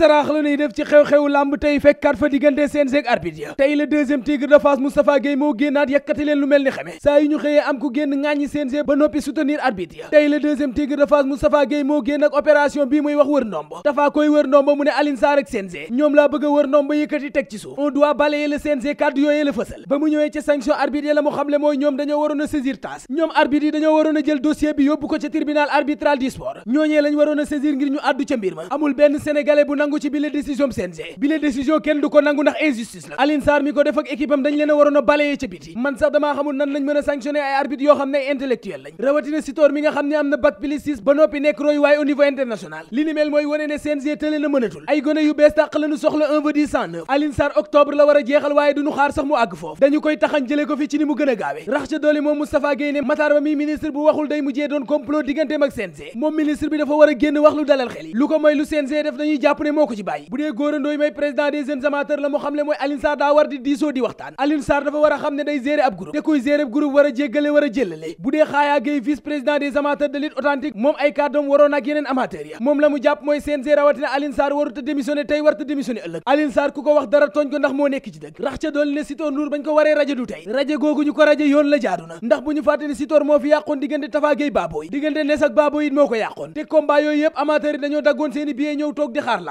saraax la ñuy def ci xew-xewu làmb tey fekkaat fa diggante CNG arbitre ya tey le deuxième tigre de Fass Moustapha Gueye moo génnaat yàkkati leen lu mel ni xame saa yu ñu xëyee am ku génn ŋaañi CNG ba noppi soutenir arbitre ya tey le deuxième tigre de Fass Moustapha Gueye moo génn ak opération muy wax wër ndombo dafaa koy wër ndombo mu ne Alioune Sarr ak CNG ñoom laa bëgg wër ndombo yëkkati teg ci suuf on doit balayer le CNG kàddu yooyee la fësal ba nangu ci bile décision CNG bile décision kenn du ko nangu ndax injustice la Alioune Sarr mi ko def ak équipe am dañ leen a waroon a balayee ca biti man sax damaa xamul nan lañ mën a sanctionné ay arbitre yoo xam ne intellectuel lañ rawatina Sitor mi nga xam ne am na bac plus six ba noppi nekk roy waaye au niveau international li ni mel mooy wane ne CNG tële na mënatul ay gone yu bees tàq lañu soxla un vedi 109 Alioune Sarr octobre la war a jeexal waaye duñu xaar sax mu àgg foofu dañu koy taxañ jële ko fi ci ni mu gën a gaawe rax ca doole moom Moustapha Guèye ne Matar Ba mi ministre bu waxul day mujjee doon complot digganteem ak CNG moom ministre bi dafa war a génn wax lu dalal xel yi lu ko mooy lu CNG def dañuy jàpp ne ne moo ko ci bàyyi bu dee góorandooy may président des jeunes amateurs la mu xam mooy Alioune daa war di diisoo di waxtaan Alioune dafa war a xam ne day gérer ab groupe te kuy gérer ab war jéggale war a bu dee Xaaya Gueye vice président des amateurs de authentique moom ay kàddoom waroon ak yeneen amateurs ya moom la mu jàpp mooy CNG rawatina Alioune Sarr warut tey warut a démissionné ëllëg Alioune ku ko wax dara tooñ ko ndax moo nekk ci dëgg rax ca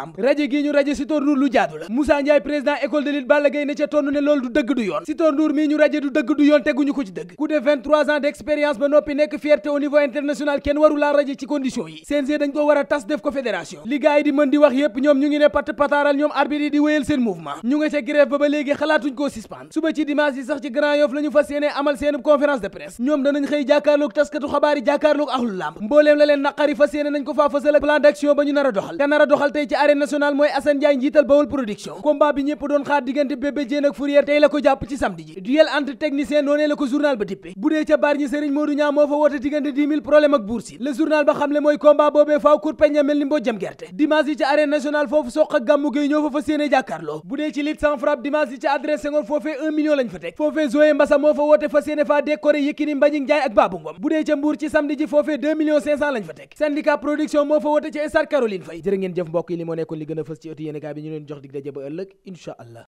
làmb raje gi ñu raje Sitor Ndour lu jaadu la Moussa Ndiaye président école de lutte Balla Gaye ne ca tonn ne loolu du dëgg du yoon Sitor Ndour mii ñu raje du dëgg du yoon teguñu ko ci dëgg ku def ans d'expérience ba noppi nekk fierté au niveau international kenn waru raje ci condition yi CNG dañ ko war a tas def ko fédération li gaay yi di mën di wax yépp ñoom ñu ngi ne patt pataaral ñoom arbitre yi di wéyal seen mouvement ñu ngi ca grève ba ba léegi xalaatuñ a doxal te nar a doxal tey ci national mooy Assane Ndiaye njiital Bawol production combat bi ñëpp doon xaar diggante Bébé Diène ak Fourrière tey la ko jàpp ci samedi ji duel entre technicien noonee la ko journal ba tippe bu dee ca baar ñi Serigne Modou Niang moo fa woote diggante 10 000 problème ak Bour Sine le journal ba xamle mooy combat boobee faaw kur peña mel ni mboo jëm gerte dimanche yi ca arène nationale foofu soq ak gàmmu géey ñoo fa fa séene jàkkaarloo bu dee ci lit sans frappe nekkoon li gën a fës ci ëttu yéenekaay bi ñu leen jox dig daje ba ëllëg incha allah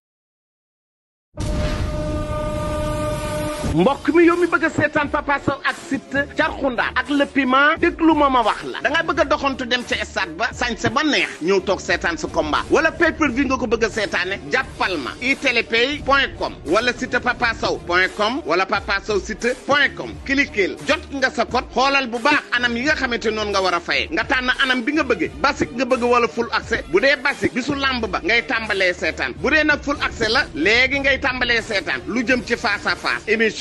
mbokk mi yow mi bëgg a seetaan papa Sow ak site Carxunda ak le piment déglu ma ma wax la da nga bëgg a doxantu dem ca stade ba sañse ba neex ñëw toog seetaan sa combat wala pay per nga ko bëgg seetaane jàppal ma itelepay point com wala site papa Sow point com wala papa Sow site point com cliqueel jot nga sa code xoolal bu baax anam yi nga xamante noonu nga war a faye nga tànn anam bi nga bëggee basique nga bëgg wala full accès bu dee basique bi su lamb tàmbalee seetaan bu dee nag full accès la léegi ngay tàmbalee seetaan lu jëm ci face à face émission